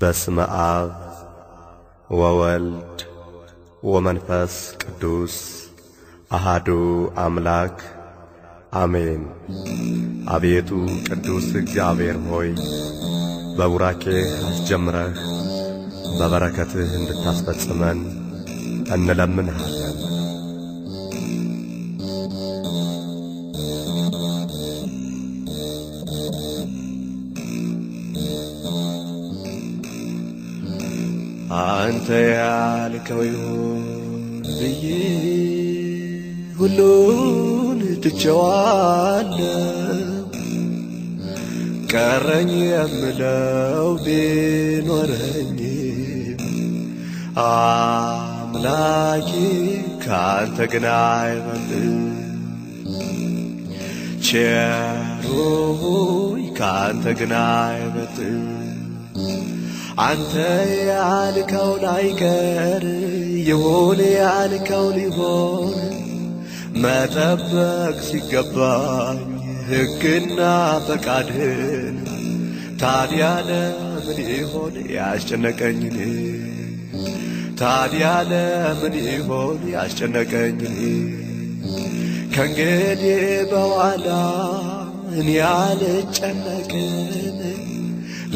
በስመ አብ ወወልድ ወመንፈስ ቅዱስ አሃዱ አምላክ አሜን። አቤቱ ቅዱስ እግዚአብሔር ሆይ በቡራኬ አስጀምረህ በበረከትህ እንድታስፈጽመን እንለምንሃለን። አንተ ያልከው ይሁን ብዬ ሁሉን ትቼዋለሁ። ቀረኝ የምለው ቢኖረኝ አምላኬ ከአንተ ግን አይበልጥ ቸሮ ሆይ ከአንተ ግን አይበልጥ አንተ ያልከው ላይቀር ይሁን ያልከው ሊሆን መጠበቅ ሲገባኝ ሕግና ፈቃድህን ታዲያ ለምን ይሆን ያስጨነቀኝ ታዲያ ለምን ይሆን ያስጨነቀኝ እኔ? ከእንግዲህ በኋላ እኔ አልጨነቅም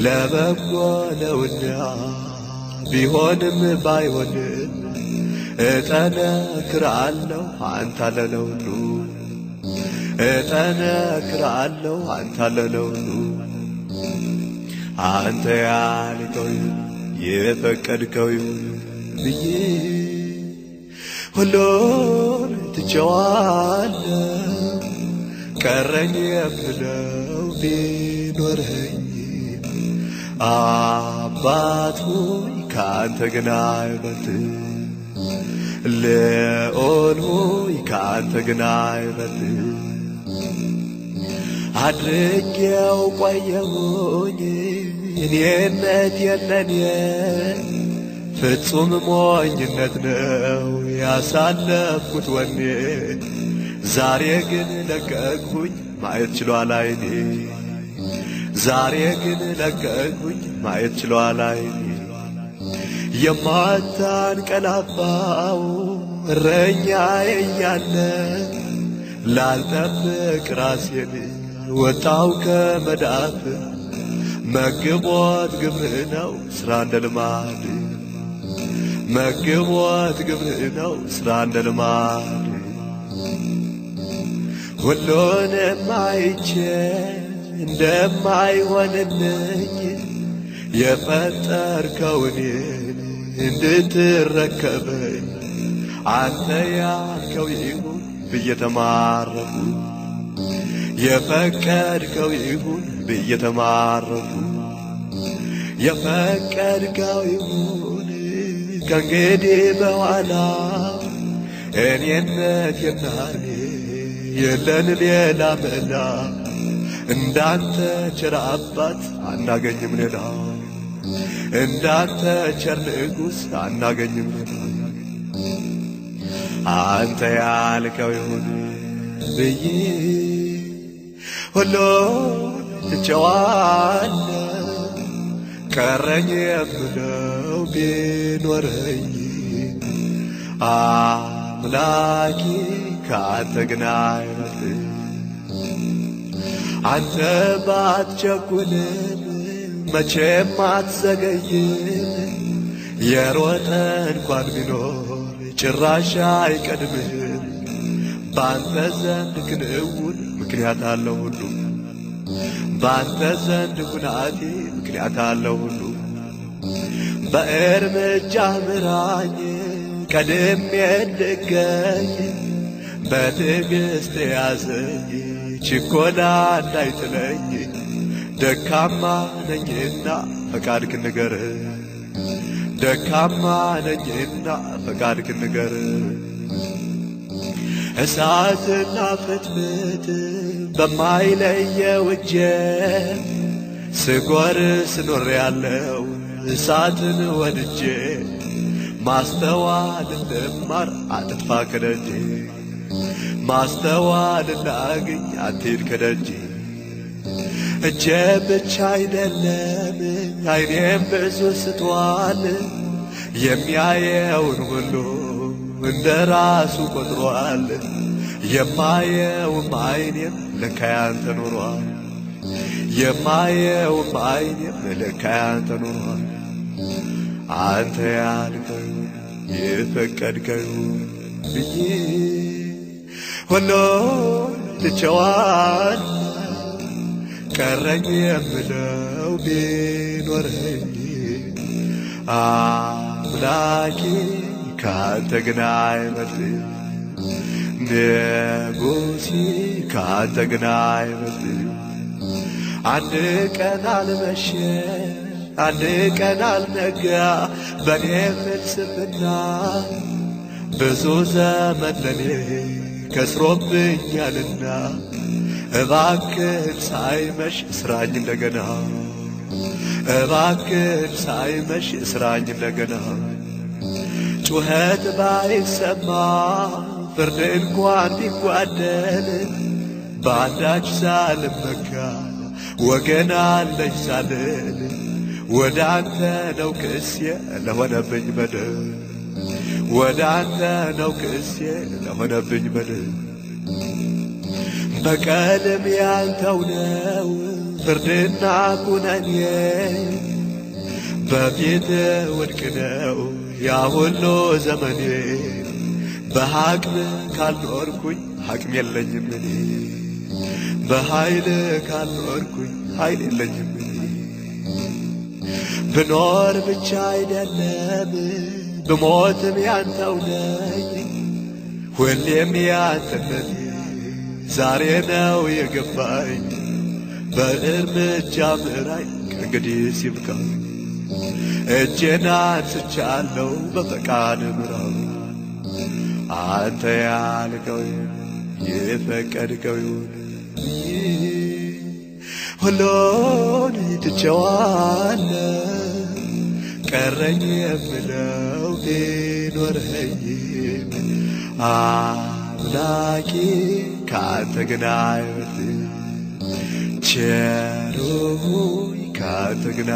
ለበጎ ነውና ቢሆንም ባይሆንም እጠነክራለሁ አንተ ለለውጡ እጠነክራለሁ አንተ ለለውጡ አንተ ያልከው የፈቀድከው ይሁን ብዬ ሁሉን ትቼዋለሁ ቀረኝ የምለው ቢኖርኸኝ አባት ሆይ ከአንተ ግን አይበልጥም። ልዑል ሆይ ከአንተ ግን አይበልጥ። አድርጌው ቆየሁኝ እኔነት የለን ፍጹም ሞኝነት ነው ያሳለፍኩት ወኔ ዛሬ ግን ለቀቅሁኝ ማየት ችሏል አይኔ ዛሬ ግን ለቀቁኝ ማየት ችሏል ዓይኔ የማታንቀላፋው እረኛዬ እያለ ላልጠብቅ ራሴን ወጣው ከመዳፍ መግቦት ግብር ነው ስራ እንደ ልማድ መግቦት ግብር ነው ስራ እንደ ልማድ ሁሉንም አይቼ እንደማይሆንልኝ የፈጠርከውን እንድትረከበኝ አንተ ያልከው ይሁን ብዬ ተማረኩ። የፈቀድከው ይሁን ብዬ ተማረኩ። የፈቀድከው ይሁን ከእንግዲህ በኋላ እኔነት የናኔ የለን ሌላ መላ እንዳንተ ቸር አባት አናገኝም ሌላ እንዳንተ ቸር ንጉሥ አናገኝም ሌላ አንተ ያልከው ይሁን ብዬ ሁሉ ትቸዋለሁ ቀረኝ የምለው ቢኖረኝ አምላኬ ከአንተ ግና አይበልጥ አንተ ባትቸኩልም መቼም አትዘገይም። የሮጠ እንኳን ቢኖር ጭራሽ አይቀድምህም። ባንተ ዘንድ ክንውን ምክንያት አለው ሁሉ ባንተ ዘንድ ሁናቴ ምክንያት አለው ሁሉ በእርምጃ ምራኝ ቀድሜ እንድገኝ በትዕግሥት ያዘኝ ችኮላ እንዳይጥለኝ ደካማ ነኝና ፈቃድ ክንገር ደካማ ነኝና ፈቃድ ክንገር እሳትና ፍትፍት በማይለየው እጄ ስጎር ስኖር ያለው እሳትን ወድጄ ማስተዋል እንደማር አጥፋ ከደጄ ማስተዋል ላግኝ አትሂድ ከደጅ እጀ ብቻ አይደለም አይኔም ብዙ ስቷል የሚያየውን ሁሉ እንደ ራሱ ቆጥሯል። የማየውም አይኔም ለካ ያንተ ኑሯል የማየውም አይኔም ለካ ያንተ ኑሯል። አንተ ያልከው የፈቀድከው ብዬ ሆኖ ልቸዋል ቀረኝ የምለው ቢኖረኝ አምላኬ ካንተ ግን አይበልጥ ንጉሲ ካንተ ግን አይበልጥ አንድ ቀን አልመሸ አንድ ቀን አልነጋ በእኔ ፍልስፍና ብዙ ዘመን ለኔ ከስሮብኝ እባክን ሳይመሽ ስራኝ እንደገና እባክን ሳይመሽ እንደገና ጩኸት ባይሰማ ፍርድ እንኳን ቢጓደል በአንዳች ሳልመካ ወገን አለኝ ሳልል ወደ አንተ ነው ክስየ ለሆነብኝ በደል ወደ ነው ክሴ ለሆነብኝ በደል በቀልም ያንተው ነው ፍርድና ኩነኔ በፊት ወድቅ ነው ያ ሁሉ ዘመኔ በሐቅም ካልኖርኩኝ ሐቅም የለኝም እኔ በኃይል ካልኖርኩኝ ኃይል የለኝም እኔ ብኖር ብቻ አይደለም ብሞትም ያንተው ነኝ ሁሌም ያንተነት ዛሬ ነው የገባኝ በእርምጃ ምራኝ ከእንግዲህ ሲብቃኝ እጄን አንስቻለሁ በፈቃድ ምራው አንተ ያልከው የፈቀድከው ይሁን ሁሉን ትቼዋለሁ ቀረኝ የምለው ቢኖርኸኝም አምላኬ ከአንተ ግን አይበልጥም ቸሩ ከአንተ ግን